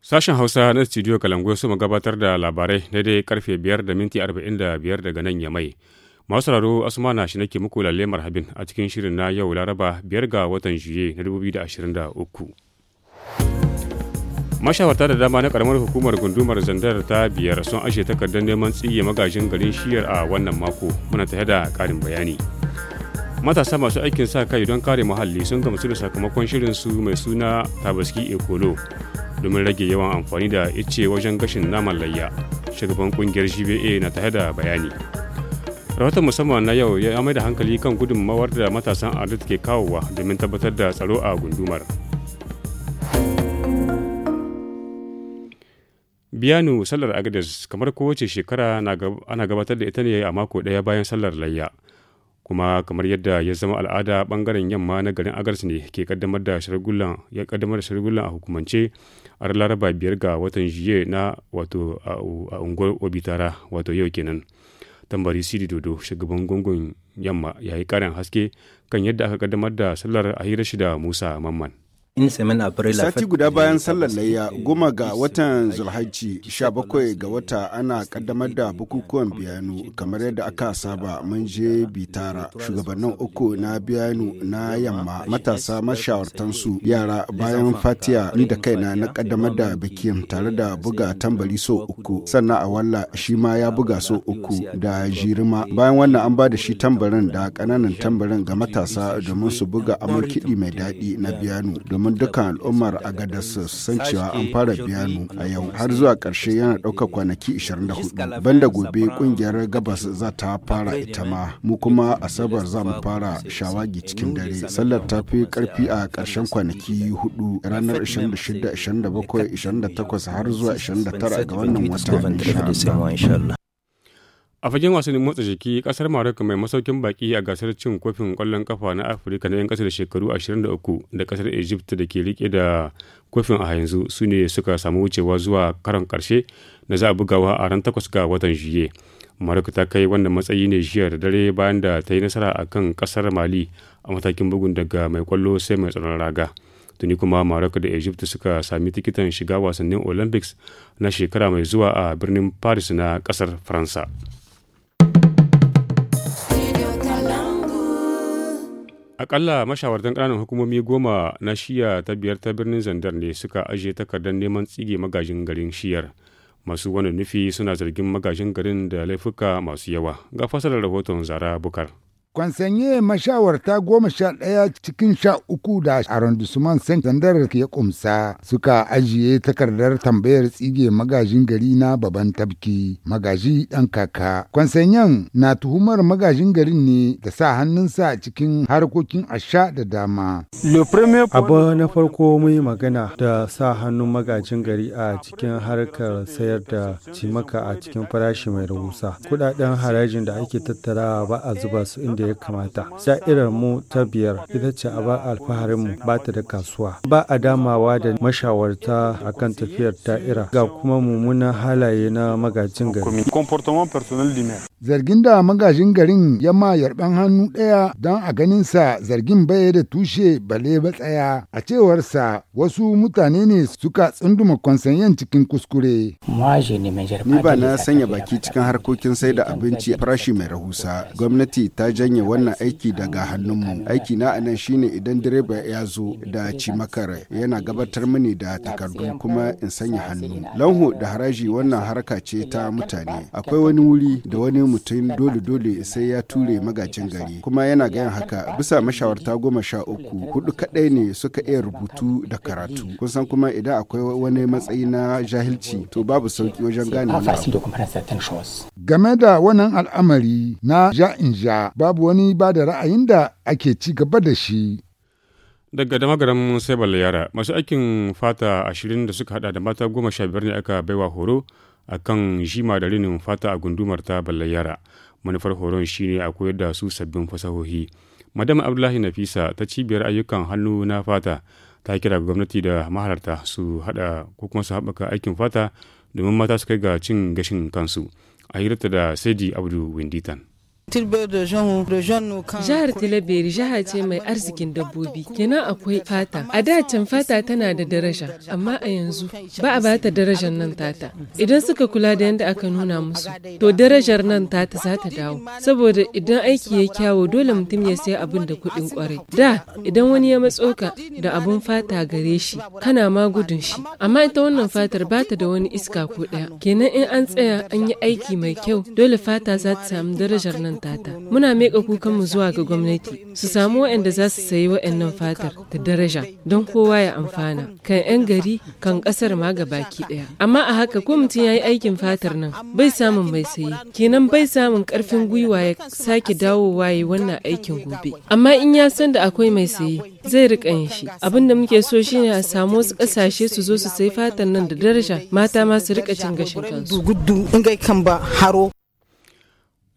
Sashen Hausa na Studio Kalangoyo su gabatar da labarai daidai karfe 5 da minti 45 daga nan ya mai. Masu raro Asmana shi nake muku lalle marhabin a cikin shirin na yau Laraba 5 ga watan Juye na 2023. mashawarta da dama na karamar hukumar gundumar zandar ta biyar sun ashe takardar neman tsiye magajin garin shiyar a wannan mako muna tare da karin bayani matasa masu aikin sa kai don kare muhalli sun gamsu da sakamakon shirin su mai suna tabaski ekolo domin rage yawan amfani da ice wajen gashin naman layya shugaban kungiyar gba na tare da bayani rahoton musamman na yau ya mai da hankali kan gudunmawar da matasan adat ke kawowa domin tabbatar da tsaro a gundumar Biyanu sallar Agadez kamar kowace shekara ana gabatar da ita ne a mako ɗaya bayan sallar layya. Kuma kamar yadda ya zama al'ada bangaren yamma na garin Agadez ne ke kaddamar da shirgulan ya a hukumance a Laraba biyar ga watan jiye na wato a unguwar Obitara wato yau kenan. Tambari Sidi Dodo shugaban gungun yamma ya yi karin haske kan yadda aka kaddamar da sallar a hira shida Musa Mamman. Sati guda bayan sallar layya goma ga watan Zulhaji sha bakwai ga wata ana kaddamar da bukukuwan biyanu kamar yadda aka saba mun je bitara shugabannin uku na biyanu na yamma matasa mashawartansu yara bayan fatiya ni da kaina na kaddamar da bikin tare da buga tambari so uku sannan a walla shi ma ya buga so uku da jirima bayan wannan an ba da shi tambarin da kananan tambarin ga matasa domin su buga amurkidi mai daɗi na biyanu domin dukkan al'ummar a su san cewa an fara mu a yau har zuwa ƙarshe yana ɗaukar kwanaki 24 banda gobe ƙungiyar gabas za ta fara ita ma mu kuma asabar za mu fara shawagi cikin dare sallar ta fi ƙarfi a ƙarshen kwanaki hudu ranar 26 27 28 har zuwa 29 ga wannan wata insha Allah a fagen wasannin motsa jiki kasar maroko mai masaukin baki a gasar cin kofin kwallon kafa na afirka na 'yan kasar shekaru 23 da kasar egypt da ke rike da kofin a yanzu su ne suka samu wucewa zuwa karon karshe da za a bugawa a ran takwas ga watan juye maroko ta kai wanda matsayi ne jiya da dare bayan da ta yi nasara a kan kasar mali a matakin bugun daga mai kwallo sai mai tsaron raga tuni kuma maroko da egypt suka sami tikitan shiga wasannin olympics na shekara mai zuwa a birnin paris na kasar faransa Akalla mashawartan ƙananan hukumomi goma na shiya ta biyar ta birnin Zandar ne suka ajiye takardar neman tsige magajin garin shiyar. Masu wani nufi suna zargin magajin garin da laifuka masu yawa. Ga fasalar rahoton Zara Bukar. kwansanye mashawarta goma sha ɗaya cikin sha uku da arrondissement saint zandar ya kumsa suka ajiye takardar tambayar tsige magajin gari na baban tabki magaji dan kaka kwansanyen na tuhumar magajin garin ne da sa hannunsa cikin harkokin asha da dama abu na farko mai magana da sa hannun magajin gari a cikin harkar sayar da cimaka a cikin farashi mai rahusa kuɗaɗen harajin da ake tattara ba a zuba su inda da ya kamata sha'irar mu ta biyar ita ce a ba alfaharin mu ba ta da kasuwa ba a damawa da mashawarta akan tafiyar taira ga kuma mummunan halaye na magajin gari zargin da magajin garin ya ma yarban hannu ɗaya don a ganinsa zargin baya da tushe bale ba tsaya. a cewarsa wasu mutane ne suka tsunduma kwansanyen cikin kuskure ni ba na sanya baki cikin harkokin sai da abinci farashi mai rahusa gwamnati ta janye janye wannan aiki daga hannunmu aiki na anan shine idan direba ya zo da cimakar yana gabatar mini da takardu kuma in sanya hannu lanhu da haraji wannan harka ce ta mutane akwai wani wuri da wani mutum dole dole sai ya ture magacin gari kuma yana gayan haka bisa mashawarta goma sha uku hudu kadai ne suka iya rubutu da karatu kusan kuma idan akwai wani matsayi na jahilci to babu sauki wajen gane game da wannan al'amari na ja in ja babu wani ba da ra'ayin da ake ci gaba da shi. Daga dama garin sai yara masu aikin fata ashirin da suka hada da mata goma sha biyar ne aka baiwa horo a kan jima da rinin fata a gundumar ta yara Manufar horon shine a koyar da su sabbin fasahohi. Madam Abdullahi Nafisa ta cibiyar ayyukan hannu na fata ta kira gwamnati da mahalarta su hada ko kuma su haɓaka aikin fata domin mata su kai ga cin gashin kansu. a hirarta da Saidi Abdu Winditan. Jihar Tilaberi jiha ce mai arzikin dabbobi, kenan akwai fata. A da can fata tana da daraja, amma a yanzu ba a bata darajar nan tata. Idan suka kula da yadda aka nuna musu, to darajar nan tata za ta dawo. Saboda idan aiki ya kyawo dole mutum ya sai abin da kuɗin kwarai. Da idan wani ya matsoka, da abin fata gare shi, kana ma gudun shi. Amma ita wannan fatar bata da wani iska ko ɗaya. Kenan in an tsaya an yi aiki mai kyau, dole fata za ta samu darajar nan tata. Muna miƙa kukanmu zuwa ga gwamnati su samu waɗanda za su sayi waɗannan fatar da daraja don kowa ya amfana kan 'yan gari kan ƙasar ma ga baki ɗaya. Amma a haka ko mutum ya yi aikin fatar nan bai samun mai sayi kenan bai samun ƙarfin gwiwa ya sake dawowa ya wannan aikin gobe. Amma in ya san da akwai mai sayi zai riƙa yin shi. Abin da muke so shine a samu wasu ƙasashe su zo su sayi fatar nan da daraja mata ma su riƙa cin gashin kansu.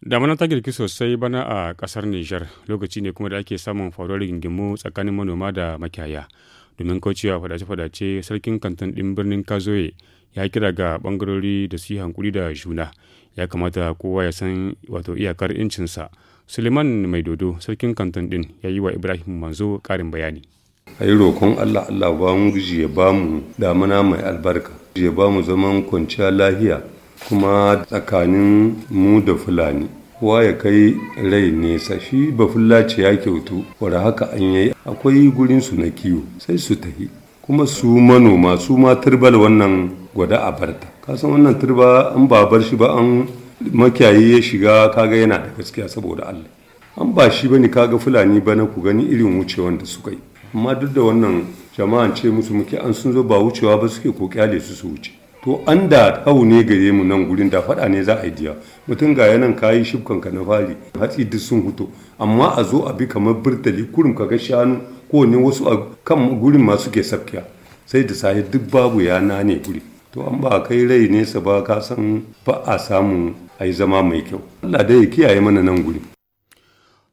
damana ta girki sosai bana a kasar nijar lokaci ne kuma da ake samun faruwar rigingimu tsakanin manoma da makiyaya domin kaucewa fadace-fadace sarkin kantin ɗin birnin kazoye ya kira ga bangarori da su yi hankuri da juna ya kamata kowa ya san wato iyakar incinsa suleiman mai dodo sarkin kantin ɗin ya yi wa ibrahim manzo karin bayani a yi rokon allah allah ba mu ya ba mu damana mai albarka ya ba mu zaman kwanciya lahiya kuma tsakanin mu da fulani kowa ya kai rai nesa shi ba fullaci ya kyautu wadda haka an yi akwai gurin su na kiwo sai su tahi kuma su manoma su ma turbal wannan gwada a barta kasan wannan turba an ba bar shi ba an makiyayi ya shiga kaga yana da gaskiya saboda Allah an ba shi bane kaga fulani ba na ku gani irin wucewan da suka yi amma duk da wannan jama'an ce musu muke an sun zo ba wucewa ba suke ko kyale su su wuce to an da hau ne gare mu nan gurin da faɗa ne za a yi diya mutum ga yanan kayi shibkan ka na fari hatsi duk sun hutu amma a zo a bi kamar birtali kurum ga shanu ko ne wasu a kan gurin masu ke sabkiya sai da sahi duk babu yana ne guri to an ba kai rai nesa ba ka san ba a samu a yi zama mai kyau Allah dai ya kiyaye mana nan gurin.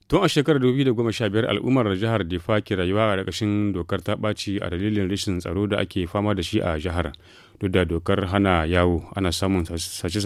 Tun a shekarar 2015 al'ummar jihar Difa ke rayuwa a ƙarƙashin dokar ta ɓaci a dalilin rashin tsaro da ake fama da shi a jihar. Duk da dokar hana yawo ana samun sace-sace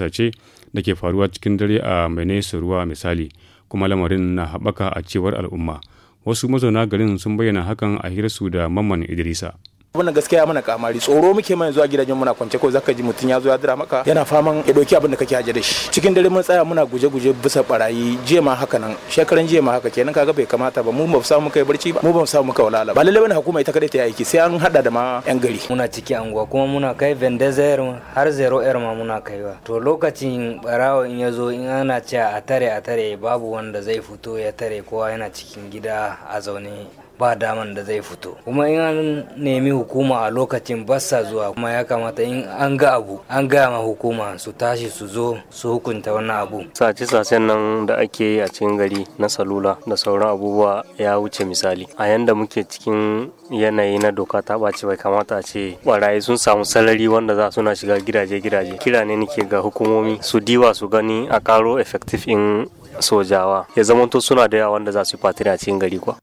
da ke faruwa cikin dare a mai ruwa misali, kuma lamarin na haɓaka a cewar al'umma. Wasu mazauna garin sun bayyana hakan a hirarsu da Mamman Idrisa. wannan gaskiya mana kamari tsoro muke mai zuwa gidajen muna kwance ko zaka ji mutum ya zo ya dira maka yana faman ya dauki abin da kake haje da shi cikin dare mun tsaya muna guje-guje bisa barayi jiya ma haka nan shekaran jiya ma haka kenan kaga bai kamata ba mu ba samu kai barci ba mu ba samu muka walala ba lalle bane hukuma ita kada ta yi aiki sai an hada da ma yan gari muna ciki anguwa kuma muna kai vendezer har zero air ma muna kaiwa to lokacin barawo in ya zo in ana cewa a tare a tare babu wanda zai fito ya tare kowa yana cikin gida a zaune ba daman da zai fito kuma in an nemi hukuma a lokacin basa zuwa kuma ya kamata in an ga abu an gaya ma hukuma su tashi su zo su hukunta wannan abu sace sacen nan da ake yi a cikin gari na salula da sauran abubuwa ya wuce misali a yanda muke cikin yanayi na doka ta ɓaci bai kamata a ce barayi sun samu salari wanda za suna shiga gidaje-gidaje kira ne nake ga hukumomi su diwa su gani a karo effective in sojawa ya zamanto suna da yawa wanda za su yi fatira cikin gari kuwa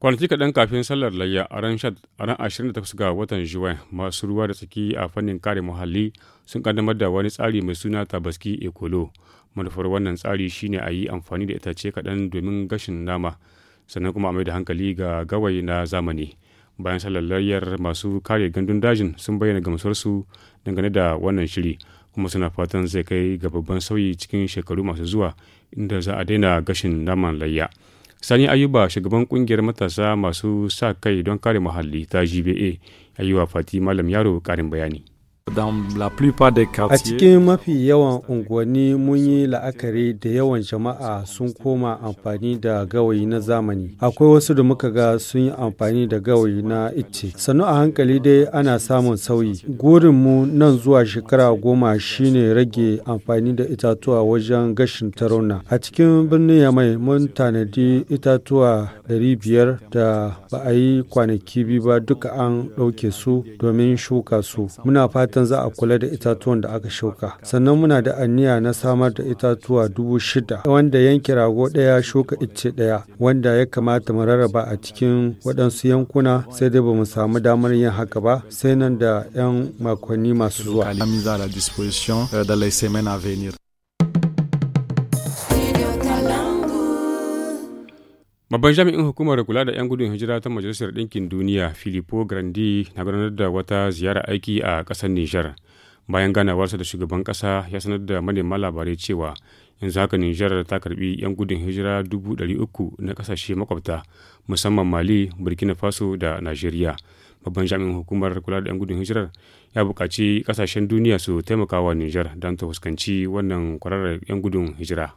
kwanaki kaɗan kafin sallar layya a ran 28 ga watan juwai masu ruwa da tsaki a fannin kare muhalli sun kaddamar da wani tsari mai suna tabaski ekolo manufar wannan tsari shine a yi amfani da itace kaɗan domin gashin nama sannan kuma a mai da hankali ga gawayi na zamani bayan sallar layyar masu kare gandun dajin sun bayyana gamsuwarsu dangane da wannan shiri kuma suna fatan zai kai ga babban sauyi cikin shekaru masu zuwa inda za a daina gashin naman layya. Sani Ayuba shugaban kungiyar matasa masu sa kai don kare muhalli ta GBA ya Fati Malam Yaro ƙarin bayani. A cikin mafi yawan unguwanni mun yi la'akari da yawan jama'a sun koma amfani da gawayi na zamani. Akwai wasu da muka ga sun yi amfani da gawayi na icce. Sannu a hankali dai ana samun sauyi. Gurinmu nan zuwa shekara goma shine rage amfani da itatuwa wajen gashin tarauna. A cikin birnin Yamai mun tanadi itatuwa 500 da ba a yi kwanaki biyu ba duka an ɗauke su domin shuka su. Muna fatan fatan za a kula da itatuwan da aka shuka. Sannan muna da anniya na samar da itatuwa dubu shida wanda yanki rago daya shuka icce daya wanda ya kamata mu rarraba a cikin waɗansu yankuna sai dai ba mu samu damar yin haka ba sai nan da 'yan makonni masu zuwa. Babban jami'in hukumar kula da 'yan gudun hijira ta Majalisar Ɗinkin Duniya, Filippo Grandi, na gudanar da wata ziyara aiki a ƙasar Nijar. Bayan ganawarsa da shugaban ƙasa ya sanar da manema labarai cewa yanzu haka Nijar ta karbi 'yan gudun hijira dubu ɗari uku na ƙasashe makwabta musamman Mali, Burkina Faso da Najeriya. Babban jami'in hukumar kula da 'yan gudun hijirar ya buƙaci ƙasashen duniya su taimaka wa Nijar don ta fuskanci wannan kwararar 'yan gudun hijira.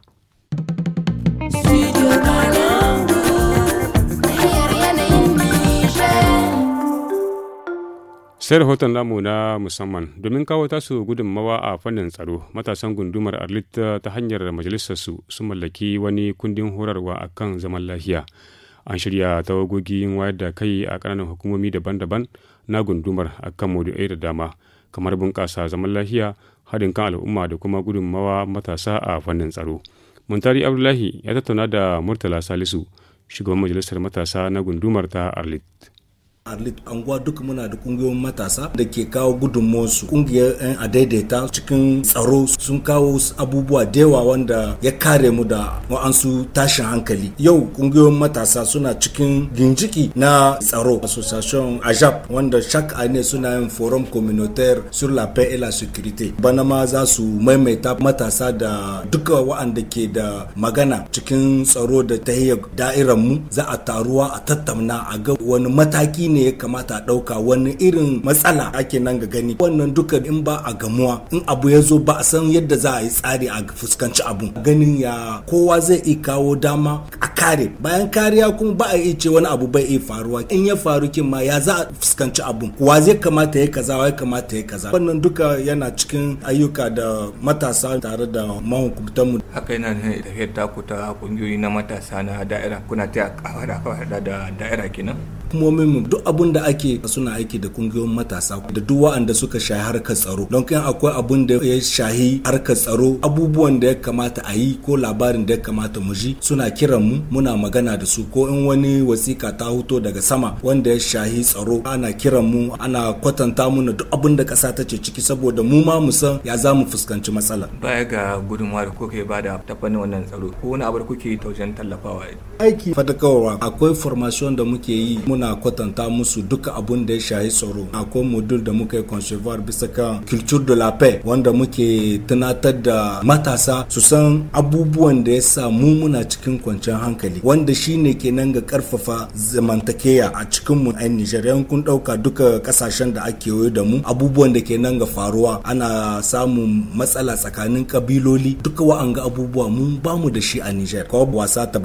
sai rahoton namu na musamman domin kawo tasu gudunmawa a fannin tsaro matasan gundumar arlit ta hanyar majalisarsu sun mallaki wani kundin horarwa a kan zaman lafiya an shirya tawagogin wayar da kai a ƙananan hukumomi daban-daban na gundumar a kan modu'ai da dama kamar bunƙasa zaman lafiya haɗin kan al'umma da kuma gudunmawa matasa a fannin tsaro muntari abdullahi ya tattauna da murtala salisu shugaban majalisar matasa na gundumar ta arlit arlit anguwa duk muna da kungiyoyin matasa da ke kawo su kungiyar yan adaidaita cikin tsaro sun kawo abubuwa da yawa wanda ya kare mu da wa'ansu tashin hankali yau kungiyoyin matasa suna cikin ginjiki na tsaro association ajap wanda shak ne suna yin forum communautaire sur la paix et la sécurité bana ma za su maimaita matasa da duka wa'anda ke da magana cikin tsaro da ta da'irar mu za a taruwa a tattauna a ga wani mataki ne ya kamata a ɗauka wani irin matsala ake nan ga gani wannan duka in ba a gamuwa in abu ya zo ba a san yadda za a yi tsari a fuskanci abu ganin ya kowa zai iya kawo dama a kare bayan kariya kuma ba a iya ce wani abu bai iya faruwa in ya faru kin ma ya za a fuskanci abu wa zai kamata ya kaza wa kamata ya kaza wannan duka yana cikin ayyuka da matasa tare da mu haka yana ne tafiyar taku ta kungiyoyi na matasa na da'ira kuna ta kawada da da'ira kenan hukumomin mu duk abun da ake suna aiki da kungiyoyin matasa da duk wa'anda suka shahi harkar tsaro don kan akwai abun da ya shahi harkar tsaro abubuwan da ya kamata a yi ko labarin da ya kamata mu ji suna kiran mu muna magana da su ko in wani wasika ta huto daga sama wanda ya shahi tsaro ana kiran mu ana kwatanta mu duk abun da kasa ta ce ciki saboda mu ma mu san ya za mu fuskanci matsala baya ga gudunmawa da kuke bada ta fannin wannan tsaro ko wani abu da kuke wajen tallafawa aiki fadakarwa akwai formation da muke yi muna ana kwatanta musu duka abun da ya shahi tsaro akwai modul da muka yi conservoir bisa kan culture de la paix wanda muke tunatar da matasa su san abubuwan da ya sa mu muna cikin kwanciyar hankali wanda ke nan ga karfafa zamantakeya a cikin mu a Nijar kun dauka duka kasashen da ake yoyo da mu abubuwan da nan ga faruwa ana samun matsala tsakanin kabiloli duka ga abubuwa mun bamu da shi a Nijar ko wasa ta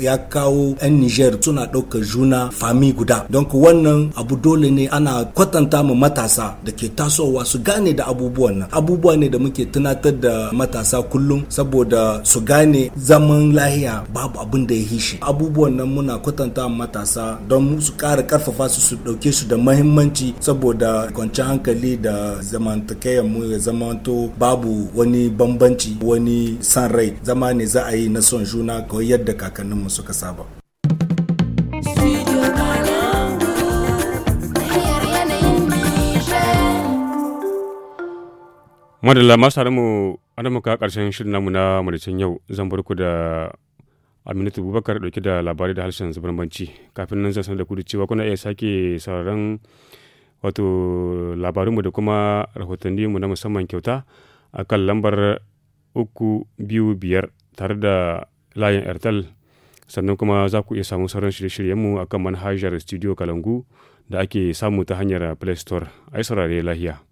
ya kawo 'yan Nijar suna ɗaukar juna fami makami guda don wannan abu dole ne ana kwatanta mu matasa da ke tasowa su gane da abubuwan nan abubuwa ne da muke tunatar da matasa kullum saboda su gane zaman lahiya babu abin da ya hishi abubuwan nan muna kwatanta matasa don su kara karfafa su su dauke su da mahimmanci saboda kwanciyar hankali da zamantakeyar mu ya zamanto babu wani bambanci wani san rai zama ne za a yi na son juna kawai yadda kakanninmu suka saba madalla masu tare mu karshen shirin namu na madacin yau zan bar da aminatu bubakar dauke da labarai da harshen banci kafin nan zan sanar da ku da cewa kuna iya sake sauraron wato labarunmu da kuma mu na musamman kyauta a kan lambar uku biyu biyar tare da layin airtel sannan kuma za ku iya samu sauran shirye-shiryenmu a kan manhajar studio kalangu da ake samu ta hanyar play store yi saurare lahiya